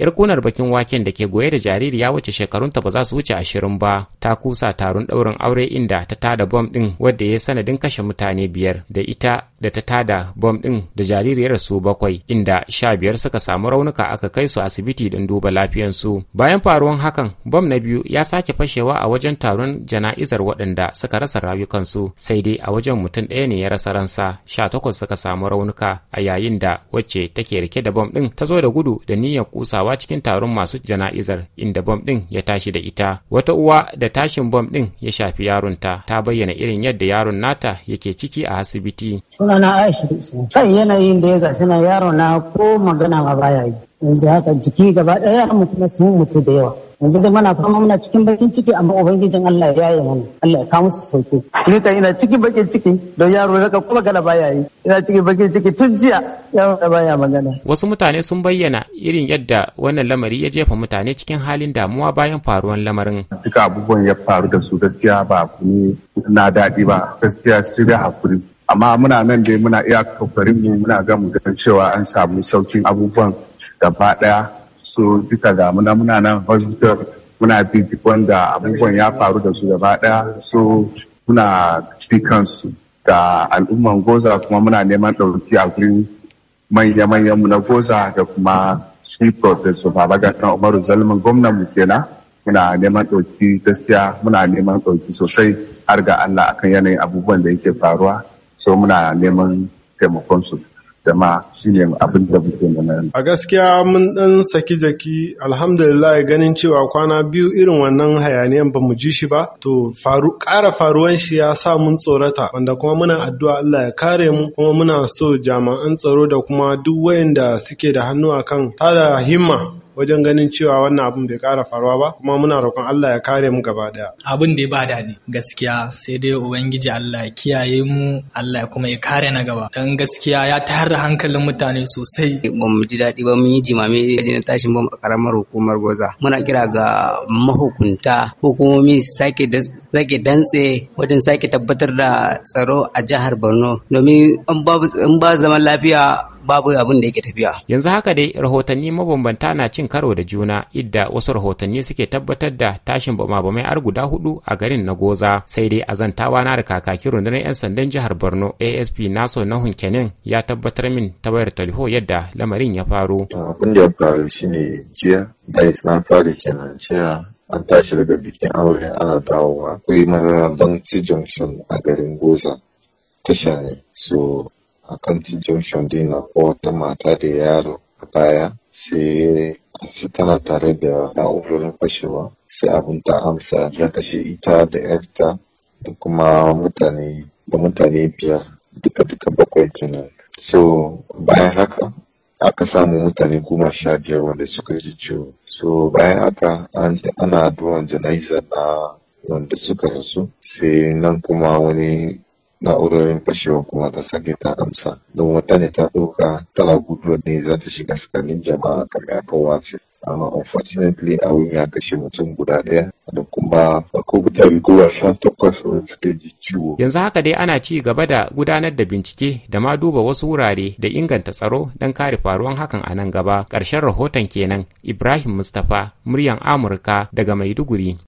yar kunar bakin waken da ke goye da jaririya wacce shekarunta ba za su wuce ashirin ba ta kusa taron ɗaurin aure inda ta tada bom ɗin wadda ya sanadin kashe mutane biyar da ita da ta tada bom ɗin da jaririyar su bakwai inda sha biyar suka samu raunuka aka kai su asibiti don duba su bayan faruwan hakan bom na biyu ya sake fashewa a wajen taron jana'izar waɗanda suka rasa rayukansu sai dai a wajen mutum ɗaya ne ya rasa ransa sha takwas suka samu raunuka a yayin da wacce take rike da bom ɗin ta zo da gudu da niyyar kusawa afkawa cikin taron masu jana'izar inda bom ɗin ya tashi da ita wata uwa da tashin bom ɗin ya shafi yaron ta ta bayyana irin yadda yaron nata yake ciki a asibiti sunana aisha sai yanayin da ya ga yaron na ko magana ma baya yi yanzu haka jiki gaba ɗaya mu kuma sun mutu da yawa yanzu da muna fama muna cikin bakin ciki amma ubangijin Allah ya yi mana Allah ya kawo musu sauki ni kan ina cikin bakin ciki don yaro daga kuma gana baya yi ina cikin bakin ciki tun jiya yaro da baya magana wasu mutane sun bayyana irin yadda wannan lamari ya jefa mutane cikin halin damuwa bayan faruwan lamarin duka abubuwan ya faru da su gaskiya ba ne na daɗi ba gaskiya sai da hakuri amma muna nan dai muna iya kokarin mu muna ga mu cewa an samu saukin abubuwan gaba daya su duka ga muna muna nan hospital muna wanda abubuwan ya faru da su gaba daya so muna su da al'umman goza kuma muna neman ɗauki a gurin manya-manyan mu na goza da kuma shi professor babagatan umaru zalmin gwamnan mu kenan muna neman ɗauki gaskiya muna neman ɗauki sosai har ga allah akan yanayin abubuwan da yake faruwa so muna neman taimakon su jama'a shine abin da muke nuna. A gaskiya mun dan saki jaki alhamdulillah ganin cewa kwana biyu irin wannan hayaniyan ba mu ji shi ba to faru ƙara faruwan shi ya sa mun tsorata wanda kuma muna addu'a Allah ya kare mu kuma muna so jama'an tsaro da kuma duk wayanda suke da hannu akan tada himma wajen ganin cewa wannan abin bai kara faruwa ba kuma muna roƙon Allah ya kare mu gaba daya abin da ya bada ne gaskiya sai dai ubangiji Allah ya kiyaye mu Allah ya kuma ya kare na gaba dan gaskiya ya tayar da hankalin mutane sosai ba mu ji daɗi ba mun yi jimame na tashin bom a karamar hukumar goza muna kira ga mahukunta hukumomi sake dantse wajen sake tabbatar da tsaro a jihar Borno domin in ba zaman lafiya babu abin da yake tafiya. Yanzu haka dai rahotanni mabambanta na cin karo da juna idda wasu rahotanni suke tabbatar da tashin bamabamai ar guda hudu a garin na Goza sai dai a zantawa na da kakaki rundunar 'yan sandan jihar Borno ASP Naso na Kenan ya tabbatar min ta wayar talho yadda lamarin ya faru. Abin da ya faru jiya da na fari kenan an tashi daga bikin aure ana dawowa akwai mazaran banki junction a garin Goza tasha ne so a kantin junction din wata mata da yaro a baya sai a tana tare da na'urorin fashewa sai abin ta amsa ya kashe ita da yarta da kuma mutane da mutane biyar duka duka bakwai kenan so bayan haka aka samu mutane goma sha biyar wanda suka ji ciwo so bayan haka ana duwan jana'iza na wanda suka rasu sai nan kuma wani na'urorin fashewar kuma ta sake ta amsa don wata ne ta doka tana guduwa ne za ta shiga tsakanin jama'a kamar ya wace amma unfortunately abin ya kashe mutum guda ɗaya da kuma ko mutane goma sha takwas suke ji ciwo. Yanzu haka dai ana ci gaba da gudanar da bincike da ma duba wasu wurare da inganta tsaro don kare faruwan hakan a nan gaba. Ƙarshen rahoton kenan Ibrahim Mustapha muryan Amurka daga Maiduguri.